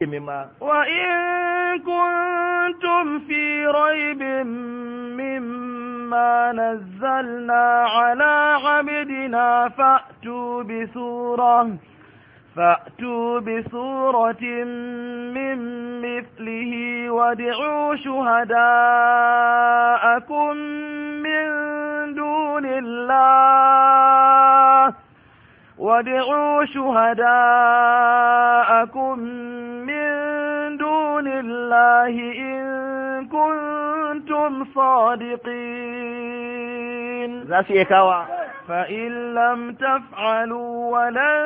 وإن كنتم في ريب مما نزلنا على عبدنا فأتوا بسورة فأتوا بسورة من مثله وادعوا شهداءكم من دون الله وادعوا شهداءكم من لله إن كنتم صادقين فإن لم تفعلوا ولن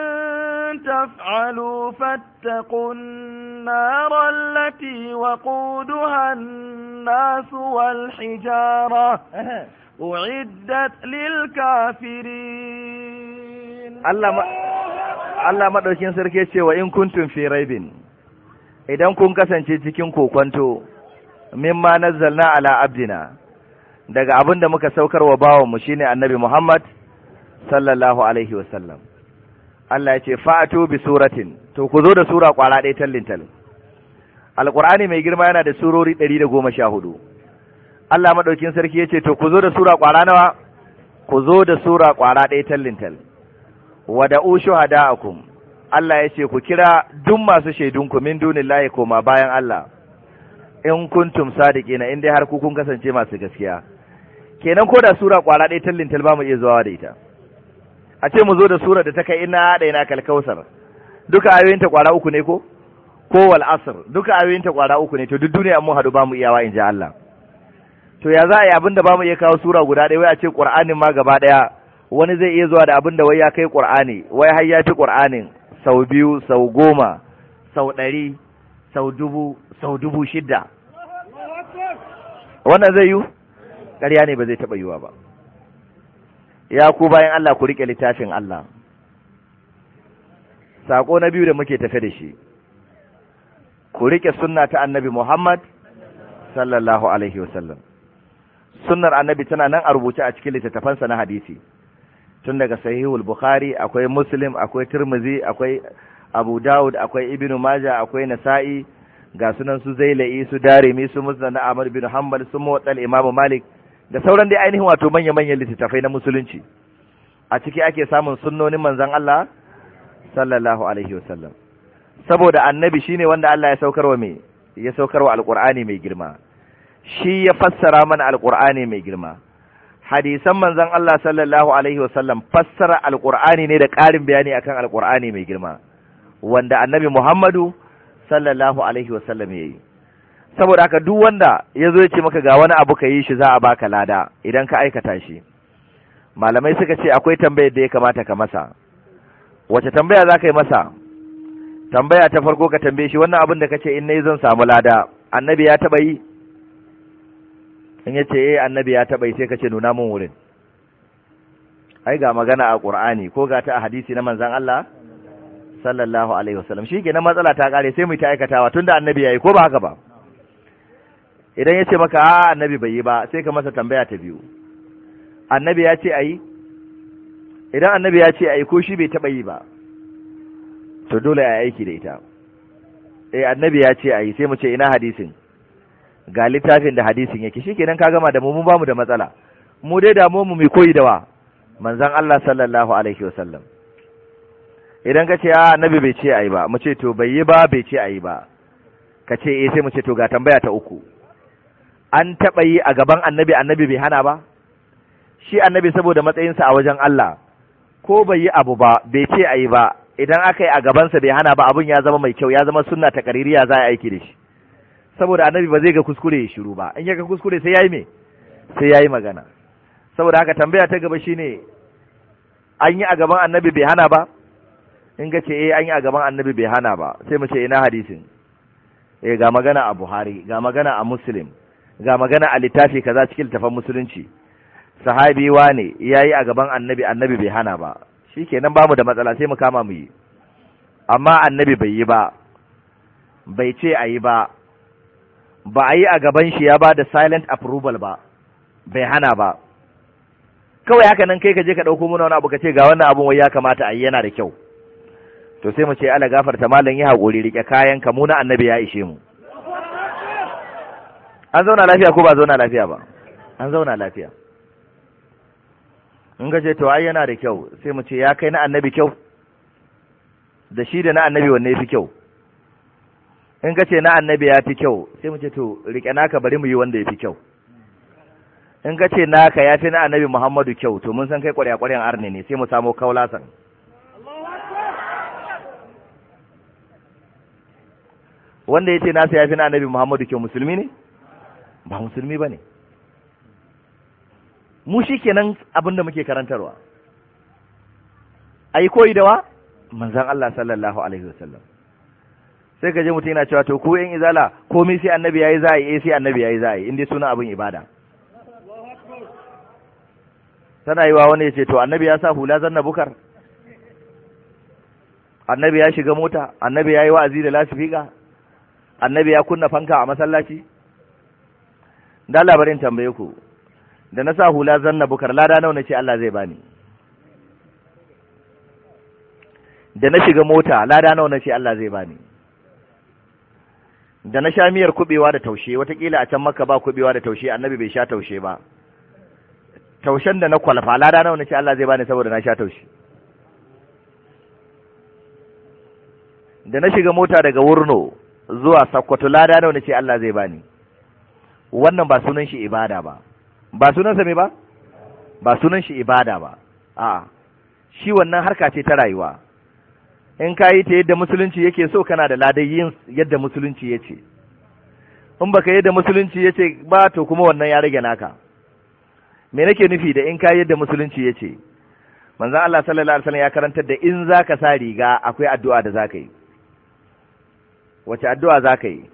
تفعلوا فاتقوا النار التي وقودها الناس والحجارة أعدت للكافرين الله ما الله ما دوكين سركي ce wa in kuntum fi raibin idan kun kasance cikin kokonto mimma nazzalna ala abdina daga abin da muka saukar wa bawanmu shine annabi Muhammad sallallahu alaihi wasallam Allah ya ce fa'atu bi suratin to ku zo da sura kwara ɗaya tallin tallin alqur'ani mai girma yana da surori 114 Allah madaukin sarki ya ce to ku zo da sura kwara nawa ku zo da sura kwara ɗaya tallin tallin wada'u shuhada'akum Allah ya ce ku kira duk masu shaidunku min dunillahi koma bayan Allah in kuntum sadiki in dai har ku kun kasance masu gaskiya kenan ko da sura kwara ɗaya tallin talba mu iya zuwa da ita a ce mu zo da sura da ta kai ina da ina kalkausar duka ayoyinta kwara uku ne ko ko wal asr duka ayoyinta kwara uku ne to duk duniya mu hadu ba mu iyawa in ji Allah to ya za a yi abinda ba mu iya kawo sura guda ɗaya wai a ce qur'anin ma gaba ɗaya wani zai iya zuwa da abinda wai ya kai qur'ani wai har ya fi qur'anin sau biyu sau goma sau ɗari sau dubu sau dubu shidda wannan zai yiwu ƙarya ne ba zai taɓa yiwa ba ya ku bayan Allah ku riƙe littafin Allah saƙo na biyu da muke tafe da shi ku riƙe sunna ta annabi Muhammad sallallahu alaihi wasallam sunnar annabi tana nan a rubuce a cikin littattafansa na hadisi tun daga sahihul bukhari akwai muslim akwai tirmizi akwai abu dawud akwai ibnu majah akwai nasa'i ga sunan su zaila'i su darimi su musnad na amr bin hanbal su mawdal imam malik da sauran dai ainihin wato manya manyan littattafai na musulunci a ciki ake samun sunnonin manzon Allah sallallahu alaihi wasallam saboda annabi shine wanda Allah ya saukarwa me ya saukarwa alqur'ani mai girma shi ya fassara mana alqur'ani mai girma hadisan manzon Allah sallallahu alaihi wasallam fassara alqur'ani ne da ƙarin bayani akan alqur'ani mai girma wanda annabi Muhammadu sallallahu alaihi wasallam yayi saboda haka duk wanda yazo zo ya ce maka ga wani abu ka yi shi za a baka lada idan ka aikata shi malamai suka ce akwai tambayar da ya kamata ka masa wace tambaya za ka yi masa tambaya ta farko ka tambaye shi wannan abin da ka ce in na yi zan samu lada annabi ya taɓa yi in yace eh annabi ya taba sai kace nuna mun wurin ai ga magana a Qur'ani ko ga ta a hadisi na manzon Allah sallallahu alaihi wasallam shikenan matsala ta kare sai mu ta aikatawa tunda annabi yayi ko ba haka ba idan yace maka a annabi bai yi ba sai ka masa tambaya ta biyu annabi ya ce ai idan annabi ya ce ai ko shi bai taba yi ba to dole ya aiki da ita eh annabi ya ce ai sai mu ce ina hadisin ga littafin da hadisin yake shikenan ka gama da mu mun bamu da matsala mu dai da mu mu koyi da wa manzon Allah sallallahu alaihi wasallam idan ka ce a nabi bai ce ayi ba mu ce to bai yi ba bai ce ayi ba ka ce eh sai mu ce to ga tambaya ta uku an taba yi a gaban annabi annabi bai hana ba shi annabi saboda matsayinsa a wajen Allah ko bai yi abu ba bai ce ayi ba idan aka yi a gabansa bai hana ba abun ya zama mai kyau ya zama sunna ta kaririya za a aiki da shi saboda annabi ba zai ga kuskure ya shiru ba in ya ga kuskure sai yayi me sai yayi magana saboda haka tambaya ta gaba shine an yi a gaban annabi bai hana ba in ga ce eh an yi a gaban annabi bai hana ba sai mu ce ina hadisin eh ga magana a Buhari ga magana a Muslim ga magana a littafi kaza cikin tafan musulunci sahabi wane yayi a gaban annabi annabi bai hana ba shikenan bamu da matsala sai mu kama mu yi amma annabi bai yi ba bai ce a yi ba ba a yi a gaban shi ya ba da silent approval ba bai hana ba kawai haka nan kai ka je ka ɗauko mana wani abu ka ce ga wannan abun wai ya kamata a yi yana da kyau to sai mu ce ala gafarta malam ya haƙuri riƙe kayan ka mu na annabi ya ishe mu an zauna lafiya ko ba zauna lafiya ba an zauna lafiya in ka ce to ai yana da kyau sai mu ce ya kai na annabi kyau da shi da na annabi wanne fi kyau in ka ce na annabi ya fi kyau sai mu ce to rike naka bari mu yi wanda ya fi kyau in ka ce naka ya fi na annabi muhammadu kyau to mun san kai kwarya kwaryan arne ne sai mu samo kaulasan wanda ya ce nasa ya fi na annabi muhammadu kyau musulmi ne ba musulmi ba ne mu shi kenan abin da muke karantarwa a yi koyi da wa manzan Allah sallallahu alaihi wasallam sai ka je mutum yana cewa to ko yan izala komai sai annabi yayi za a yi eh, sai annabi yayi za a yi inda suna abin ibada tana yi wa wani ya ce to annabi ya sa hula zanna bukar annabi ya shiga mota annabi ya yi wa'azi da lasifika annabi ya kunna fanka a masallaci da labarin tambaye ku da na sa hula zanna bukar lada nawa na ce Allah zai bani da na shiga mota lada nawa na ce Allah zai bani da na sha miyar kubewa da taushe watakila a can maka ba kubewa da taushe annabi bai sha taushe ba taushen da na kwalfa lada nawa nace Allah zai bani saboda na sha taushe da na shiga mota daga Wurno zuwa Sokoto lada nawa nace Allah zai bani wannan ba sunan shi ibada ba ba sunan sa me ba ba sunan shi ibada ba a'a shi wannan harka ce ta rayuwa in ka yi ta yadda musulunci yake so kana da yin yadda musulunci ya ce in baka yadda musulunci ya ce ba to kuma wannan ya rage naka me nake nufi da in ka yadda musulunci ya ce manzan Allah sallallahu alaihi wasallam ya karantar da in za ka sa riga akwai addu'a da za ka yi wace addu'a za ka yi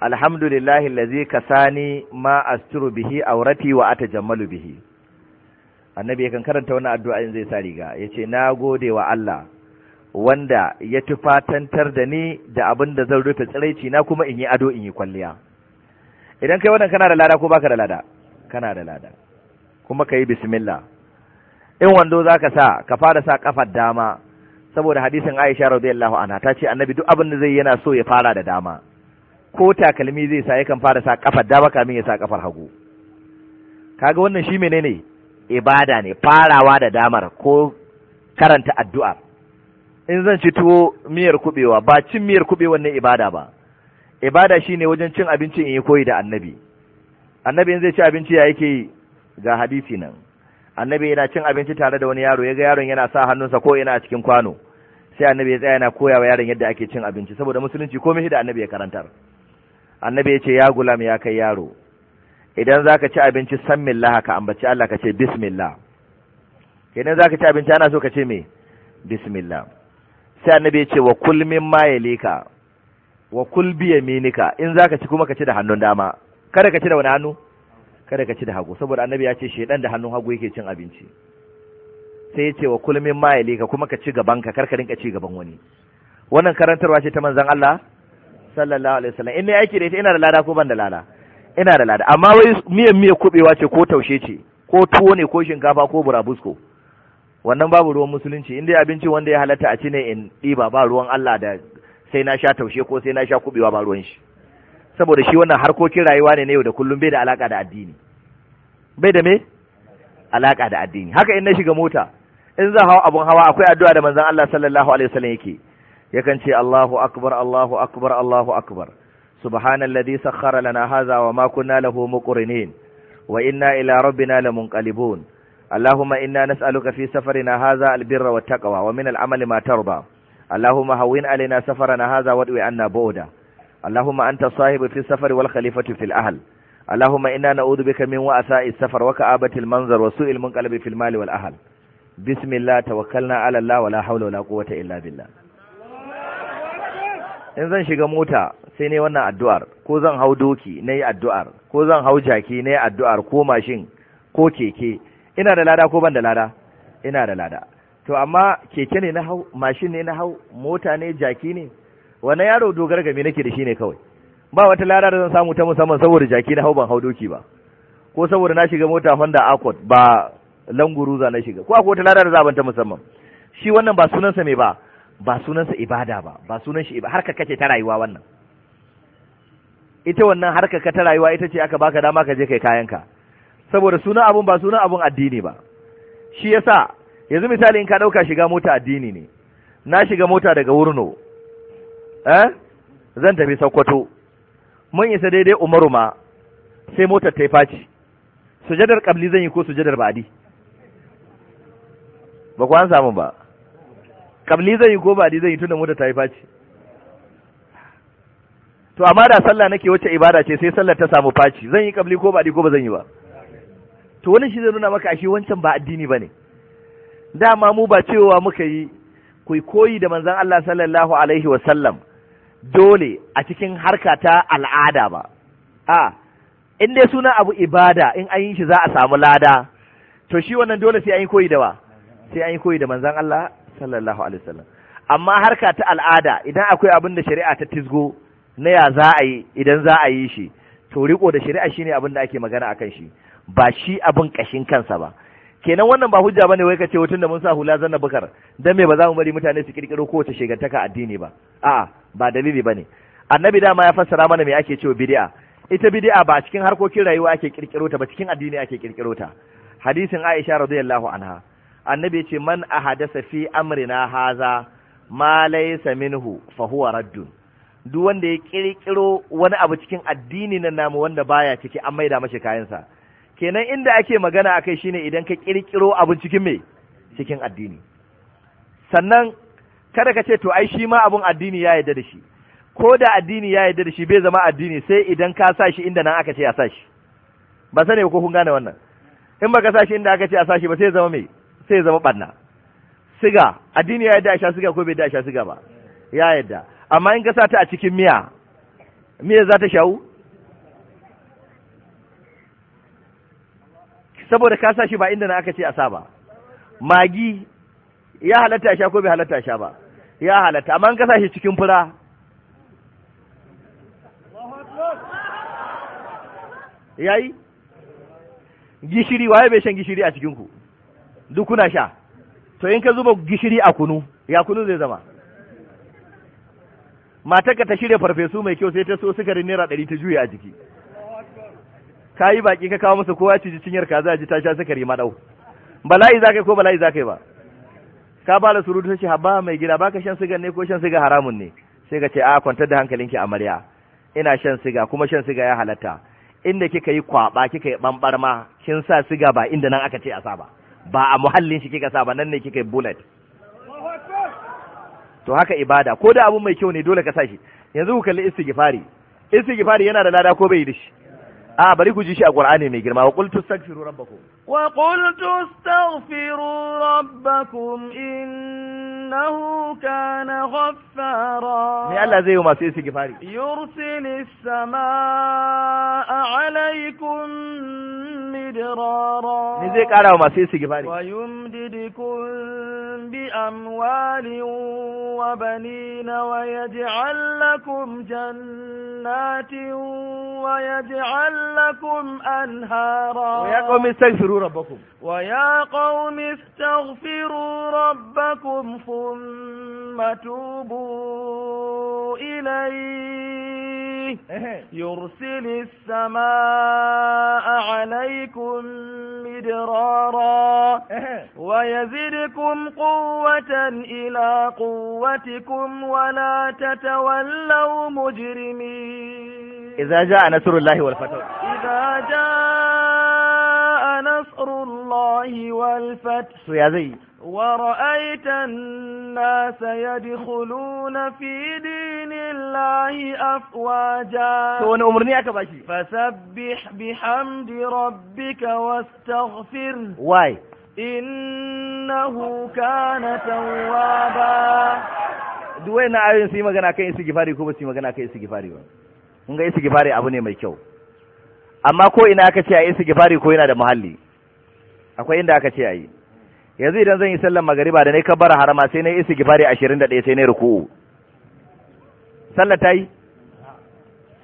alhamdulillahi lazi kasani ma asturu bihi aurati wa atajammalu bihi annabi kan karanta wannan addu'a in zai sa riga yace na gode wa Allah wanda ya tufatantar da ni da abin da zan rufe tsiraici na kuma in yi ado in yi kwalliya idan kai wannan kana da lada ko baka da lada kana da lada kuma ka yi bismillah in wando ka sa ka fara sa kafar dama saboda hadisin Aisha radiyallahu anha ta ce annabi duk abin da zai yana so ya fara da dama ko takalmi zai sa yakan fara sa kafar dama kamin ya sa kafar hagu kaga wannan shi menene ibada ne farawa da damar ko karanta addu'ar in zan ci tuwo miyar kubewa ba cin miyar kubewa ne ibada ba ibada shi ne wajen cin abinci in yi koyi da annabi annabi in zai ci abinci ya yake ga hadisi nan annabi yana cin abinci tare da wani yaro ya ga yaron yana sa hannunsa ko yana cikin kwano sai annabi ya tsaya yana koya wa yaron yadda ake cin abinci saboda musulunci komai da annabi ya karantar annabi ya ce ya gulam ya kai yaro idan zaka ci abinci sammillah ka ambaci Allah ka ce bismillah idan zaka ci abinci ana so ka ce me bismillah sai annabi ya ce wa kulmin mimma wa kulbi ya yaminika in zaka ci kuma ka ci da hannun dama kada ka ci da wani hannu kada ka ci da hagu saboda annabi ya ce shedan da hannun hagu yake cin abinci sai ya ce wa kulmin mimma kuma ka ci gaban ka karka rinka ci gaban wani wannan karantarwa ce ta manzon Allah sallallahu alaihi wasallam in ne aiki da ita ina da lada ko ban da lada ina da lada amma wai miyan miyan kubewa ce ko taushe ce ko tuwo ne ko shinkafa ko burabusko wannan babu ruwan musulunci in abinci wanda ya halatta a ci ne in ɗiba ba ruwan Allah da sai na sha taushe ko sai na sha kubewa ba ruwan shi saboda shi wannan harkokin rayuwa ne na yau da kullum bai da alaka da addini bai da me alaka da addini haka in na shiga mota in za hawa abun hawa akwai addu'a da manzon Allah sallallahu alaihi wasallam yake yakan ce Allahu akbar Allahu akbar Allahu akbar subhanalladhi sakhkhara lana hadha wa ma kunna lahu muqrinin wa inna ila rabbina lamunqalibun اللهم إنا نسألك في سفرنا هذا البر والتقوى ومن العمل ما ترضى اللهم هون علينا سفرنا هذا وادوي عنا بودا اللهم أنت الصاحب في السفر والخليفة في الأهل اللهم إنا نعوذ بك من وأساء السفر وكآبة المنظر وسوء المنقلب في المال والأهل بسم الله توكلنا على الله ولا حول ولا قوة إلا بالله in zan shiga mota sai ne wannan addu'ar ko zan hau doki na yi addu'ar ko zan hau jaki na yi addu'ar ko mashin ko keke ina da lada ko ban da lada ina da lada to amma keke ne na hau mashin ne na hau mota ne jaki ne wani yaro dogara game me nake da shi ne kawai ba wata lada da zan samu ta musamman saboda jaki na hau ban hau doki ba ko saboda na shiga mota Honda Accord ba languruza na shiga ko akwai wata lada da za ta musamman shi wannan ba sunansa me ba ba sunansa ibada ba ba sunan shi ibada ka kace ta rayuwa wannan ita wannan harka ka ta rayuwa ita ce aka baka dama ka je kai kayanka saboda sunan abun ba sunan abun addini ba shi yasa yanzu misali in ka dauka shiga mota addini ne na shiga mota daga Wurno eh zan tafi Sokoto mun isa daidai Umaru ma sai motar ta yi faci sujadar kabli zan yi ko sujadar ba'di ba ku an samu ba kabli zan yi ko ba'di zan yi tunda motar ta yi faci to amma da sallah nake wacce ibada ce sai sallar ta samu faci zan yi kabli ko ba'di ko ba zan yi ba to wani shi zai nuna maka ashe wancan ba addini bane dama mu ba cewa muka yi ku koyi da manzon Allah sallallahu alaihi wa sallam dole a cikin harka ta al'ada ba a in dai suna abu ibada in an yi shi za a samu lada to shi wannan dole sai an yi koyi da wa sai an yi koyi da manzon Allah sallallahu alaihi wa sallam amma harka ta al'ada idan akwai abin da shari'a ta tisgo na ya za a yi idan za a yi shi to riko da shari'a shine abin da ake magana akan shi ba shi abin kashin kansa ba kenan wannan ba hujja bane wai kace wutun da mun sa hula zanna bukar dan me ba za mu bari mutane su kirkiro kowace shegantaka addini ba a'a ba dalili ne. annabi dama ya fassara mana me ake cewa bid'a ita bid'a ba cikin harkokin rayuwa ake kirkiro ta ba cikin addini ake kirkiro ta hadisin Aisha radiyallahu anha annabi ya ce man ahadasa fi amrina haza ma laysa minhu fa huwa raddun duk wanda ya kirkiro wani abu cikin addini na namu wanda baya ciki an maida mashi kayansa kenan inda ake magana akai shine idan ka kirkiro abin cikin me cikin addini sannan kada ka ce to ai shi ma abun addini ya yarda da shi ko da addini ya yarda da shi bai zama addini sai idan ka sa shi inda nan aka ce a sa shi ba sani ko kun gane wannan in baka sa shi inda aka ce a sa shi ba sai zama me sai zama barna siga addini ya yarda a sha siga ko bai da a sha siga ba ya yarda amma in ka sa ta a cikin miya miya za ta shawu saboda ka sa shi ba inda na aka ce a sa ba magi ya halatta sha ko bai halatta sha ba ya halatta amma ka sa shi cikin fura yayi gishiri waye bai shan gishiri a cikin ku duk kuna sha to in ka zuba gishiri a kunu ya kunu zai zama ka ta shirya farfesu mai kyau sai ta so sukarin naira ɗari ta juya a jiki ka yi baki ka kawo masa kowa ci cinyar kaza ji ta sha sukari madau bala'i za ka yi ko bala'i za ka yi ba ka ba da surutu shi haba mai gida baka shan siga ne ko shan siga haramun ne sai ka ce a kwantar da hankalinki amarya ina shan siga kuma shan siga ya halatta inda kika yi kwaba kika yi ma kin sa siga ba inda nan aka ce a sa ba ba a muhallin shi kika sa ba nan ne kika yi bullet to haka ibada ko da abu mai kyau ne dole ka sa shi yanzu ku kalli istighfari istighfari yana da lada ko bai da shi a bari ku ji shi a Qur'ani mai girma wa qultu astaghfiru rabbakum wa qultu astaghfiru rabbakum in إنه كان غفارا يا زي ما سيسي كفاري يرسل السماء عليكم مدرارا نزي كارا وما سيسي كفاري ويمددكم بأموال وبنين ويجعل لكم جنات ويجعل لكم أنهارا ويا قوم استغفروا ربكم ويا قوم استغفروا ربكم ثم توبوا إليه إيه. يرسل السماء عليكم مدرارا إيه. ويزدكم قوة إلى قوتكم ولا تتولوا مجرمين إذا جاء نصر الله والفتح إذا جاء نصر الله والفتح يا ورأيت الناس يدخلون في دين الله أفواجا فسبح بحمد ربك واستغفر واي إنه كان توابا duwai na ayoyin su yi magana kan isi gifari ko ba su yi magana kan isi gifari ba kun ga isi gifari abu ne mai kyau amma ko ina aka ce a isi gifari ko yana da muhalli akwai inda aka ce a yi yanzu idan zan yi sallar magariba da nayi kabbara harama sai gifari ashirin da ɗaya sai nayi ruku'u sallar ta yi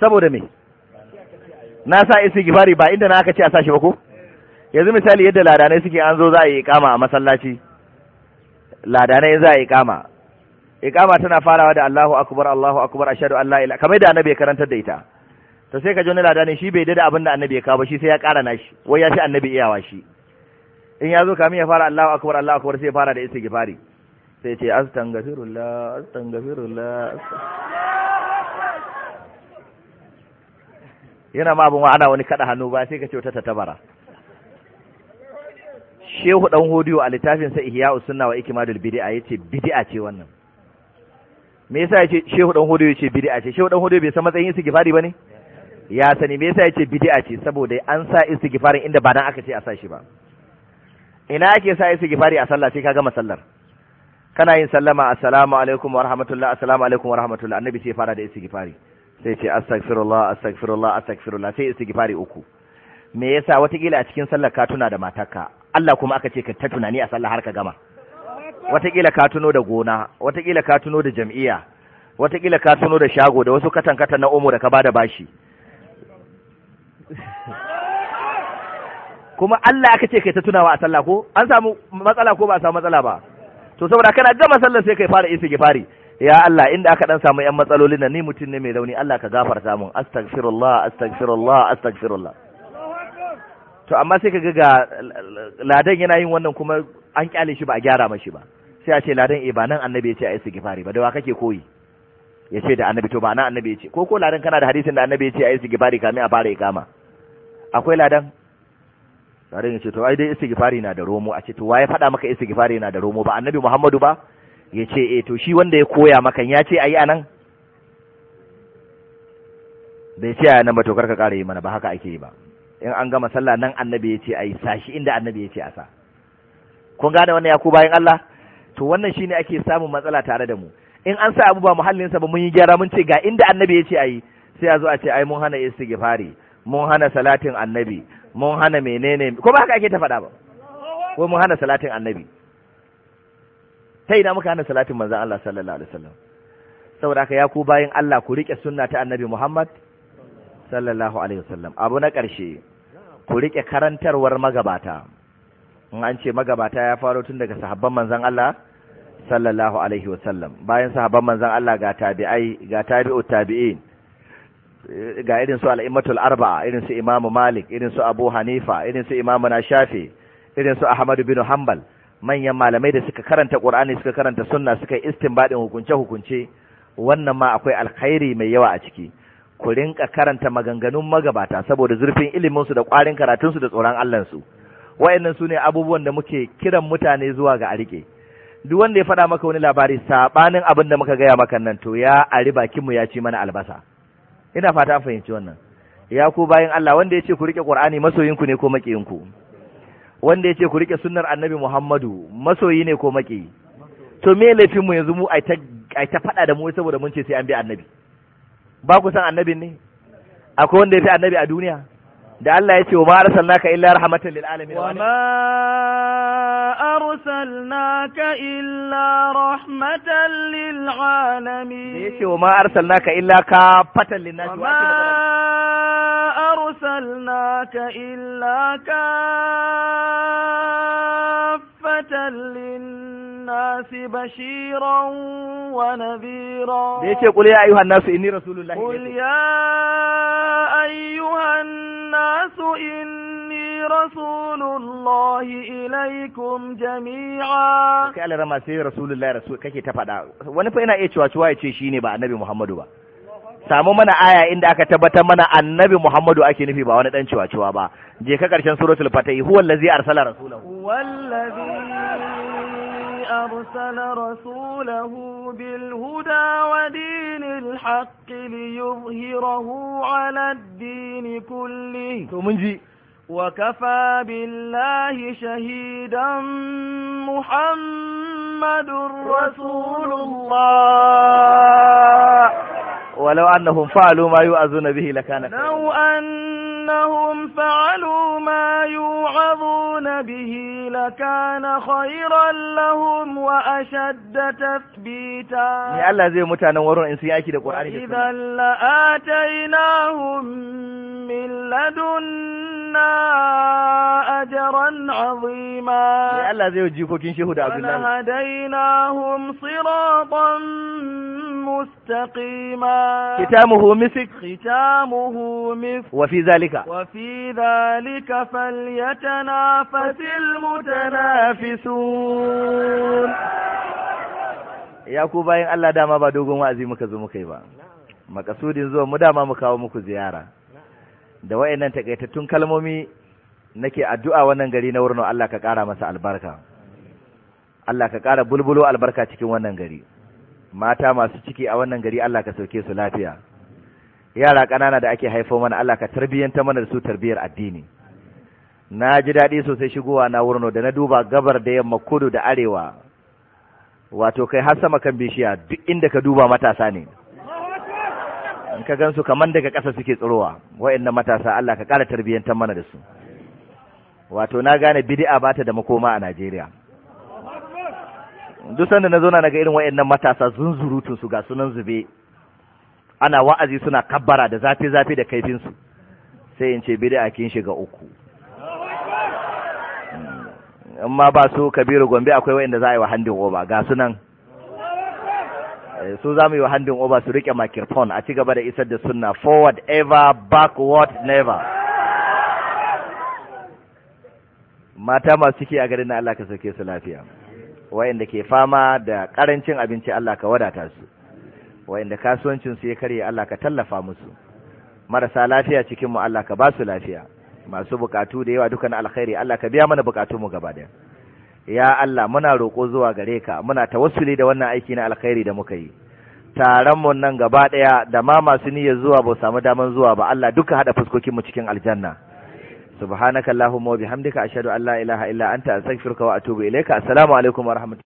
saboda me na sa gifari ba inda na aka ce a sa shi ba ko yanzu misali yadda ladanai suke an zo za a yi ikama a masallaci ladanai za a yi ikama ikama tana farawa da Allahu akbar Allahu akbar ashhadu an la ilaha kamar da annabi ya karantar da ita to sai ka ji wani ladani shi bai da abin da annabi ya kawo ba shi sai ya ƙara nashi wai ya shi annabi iyawa shi in ya zo kamin ya fara Allahu akbar Allahu akbar sai ya fara da istighfari sai ce astaghfirullah astaghfirullah yana ma abin ana wani kada hannu ba sai ka ce ta tabara Shehu dan Hodiyo a littafin sa Ihya'us Sunna wa Ikmalul Bid'a yace bid'a ce wannan me yasa yace Shehu dan Hodiyo yace bid'a ce Shehu dan Hodiyo bai san matsayin istighfari bane ya sani me yasa yace bid'a ce saboda an sa istighfarin inda ba dan aka ce a sa shi ba ina ake sa isi sigifari a sallah sai ka gama sallar kana yin sallama assalamu alaikum wa rahmatullah assalamu alaikum wa rahmatullah annabi sai fara da istighfari sai ce astaghfirullah astaghfirullah astaghfirullah sai istighfari uku me yasa watakila a cikin sallar ka tuna da matarka Allah kuma aka ce ka ta tunani a sallah har ka gama watakila ka tuno da gona watakila ka tuno da jam'iyya watakila ka tuno da shago da wasu katan-katan na omo da ka bada bashi kuma Allah aka ce kai ta tunawa a sallah ko an samu matsala ko ba a samu matsala ba to saboda kana gama sallar sai kai fara isi gifari ya Allah inda aka dan samu yan matsalolin nan ni mutum ne mai rauni Allah ka gafarta mun astaghfirullah astaghfirullah astaghfirullah to amma sai ka ga ga ladan yana yin wannan kuma an kyale shi ba a gyara mashi ba sai a ce ladan eh ba nan annabi ya ce a isi gifari ba da wa kake koyi ya ce da annabi to ba nan annabi ya ce ko ko ladan kana da hadisin da annabi ya ce a isi gifari kamin a fara ikama akwai ladan tare ya ce to ai dai istighfari na da romo a ce to waye faɗa maka istighfari na da romo ba annabi Muhammadu ba ya ce eh to shi wanda ya koya maka ya ce ai anan bai ce ayi nan ba to karka ƙara yi mana ba haka ake yi ba in an gama sallah nan annabi ya ce ayi sashi inda annabi ya ce a sa kun gane wannan ya ku bayan Allah to wannan shine ake samun matsala tare da mu in an sa abu ba muhallinsa ba mun yi gyara mun ce ga inda annabi ya ce ayi sai a zo a ce ai mun hana istighfari mun hana salatin annabi mun hana menene ko ba haka ake ta faɗa ba ko mun hana salatin annabi ta ina muka hana salatin manzon Allah sallallahu alaihi wasallam saboda haka ya ku bayin Allah ku rike sunna ta annabi Muhammad sallallahu alaihi wasallam abu na ƙarshe ku rike karantarwar magabata in an ce magabata ya faro tun daga sahabban manzon Allah sallallahu alaihi wasallam bayan sahabban manzon Allah ga tabi'ai ga tabi'ut tabi'in ga irin su al'immatul arba'a irin su imamu malik irin su abu hanifa irin su imamu na shafi irin su ahmadu bin hanbal manyan malamai da suka karanta ƙorani suka karanta sunna suka yi baɗin hukunce hukunce wannan ma akwai alkhairi mai yawa a ciki ku rinka karanta maganganun magabata saboda zurfin iliminsu da ƙwarin karatunsu da tsoron allansu. su wayannan su ne abubuwan da muke kiran mutane zuwa ga a riƙe. duk wanda ya faɗa maka wani labari saɓanin abin da muka gaya maka nan to ya ari bakinmu ya ci mana albasa ina fata an fahimci wannan ya ku bayan Allah wanda ya ce ku rike Qur'ani masoyinku ne ko makiyinku wanda ya ce ku rike sunnar Annabi Muhammadu masoyi ne ko maƙi? to me laifin mu yanzu mu ai ta ai ta fada da mu saboda mun ce sai an bi Annabi ba ku san annabin ne akwai wanda ya fi Annabi a duniya da Allah ya ce wa arsalnaka illa rahmatan lil alamin wa ma arsalnaka illa rahmatan lil alamin da yace wa ma arsalnaka illa ka fatan lin nas wa arsalnaka illa ka fatan lin للناس بشيرا ونذيرا ليش قل يا أيها الناس إني رسول الله قل يا أيها الناس إني رسول الله إليكم جميعا kai alara ma sai rasulullahi rasul kake ta faɗa wani fa yana iya cewa ya ce shine ba annabi Muhammadu ba samu mana aya inda aka tabbatar mana annabi Muhammadu ake nufi ba wani dan ciwa ba je ka karshen suratul fatahi huwallazi arsala rasulahu huwallazi أرسل رسوله بالهدى ودين الحق ليظهره على الدين كله وكفى بالله شهيدا محمد رسول الله ولو أنهم فعلوا ما يؤذون به لكان لو أن أنهم فعلوا ما يوعظون به لكان خيرا لهم وأشد تثبيتا يا الله زي متانا ورون إنسي أكيد القرآن إذا لآتيناهم من لدنا أجرا عظيما يا الله زي وجيكو كين شهود عبد الله هديناهم صراطا مستقيما ختامه مسك ختامه مسك وفي ذلك وفي ذلك فليتنافس المتنافسون يا ku bayan Allah dama ba dogon wa'azi muka zo muka yi ba makasudin zuwa mu dama mu kawo muku ziyara da wayannan takaitattun kalmomi nake addu'a wannan gari na wurin Allah ka kara masa albarka Allah ka kara bulbulo albarka cikin wannan gari mata masu ciki a wannan gari Allah ka sauke su lafiya yara ƙanana da ake haifo mana Allah ka tarbiyyanta mana da su tarbiyyar addini na ji daɗi sosai shigowa na wurno da na duba gabar da yamma kudu da arewa wato kai har sama kan bishiya duk inda ka duba matasa ne in ka gansu kaman daga ƙasa suke tsirowa wa'annan matasa Allah ka ƙara tarbiyyantar mana da su wato na gane bid'a ta da makoma a Najeriya duk sanda na zauna naga irin wayannan matasa zurutun su ga sunan zube ana wa'azi suna kabbara da zafi zafi da kaifin su sai in ce bid'a kin shiga uku amma ba su kabiru gombe akwai wayanda za a yi wa handin oba ga sunan eh, su za mu yi wa handin oba su rike microphone a ci gaba da isar da sunna forward ever backward never mata masu ciki a garin na Allah ka sauke su lafiya Wa'inda ke fama da ƙarancin abinci Allah ka wadata su wa'inda kasuwancin su ya karye Allah ka tallafa musu marasa lafiya cikin mu Allah ka ba su lafiya masu bukatu da yawa dukan alkhairi Allah ka biya mana bukatun mu gaba daya ya Allah muna roƙo zuwa gare ka muna tawassuli da wannan aiki na alkhairi da muka yi taron mu nan gaba daya da ma masu niyyar zuwa ba samu daman zuwa ba Allah duka hada fuskokin mu cikin aljanna subhanakallahumma wa bihamdika ashhadu an la ilaha illa anta astaghfiruka wa atubu ilayka assalamu alaikum wa rahmatullahi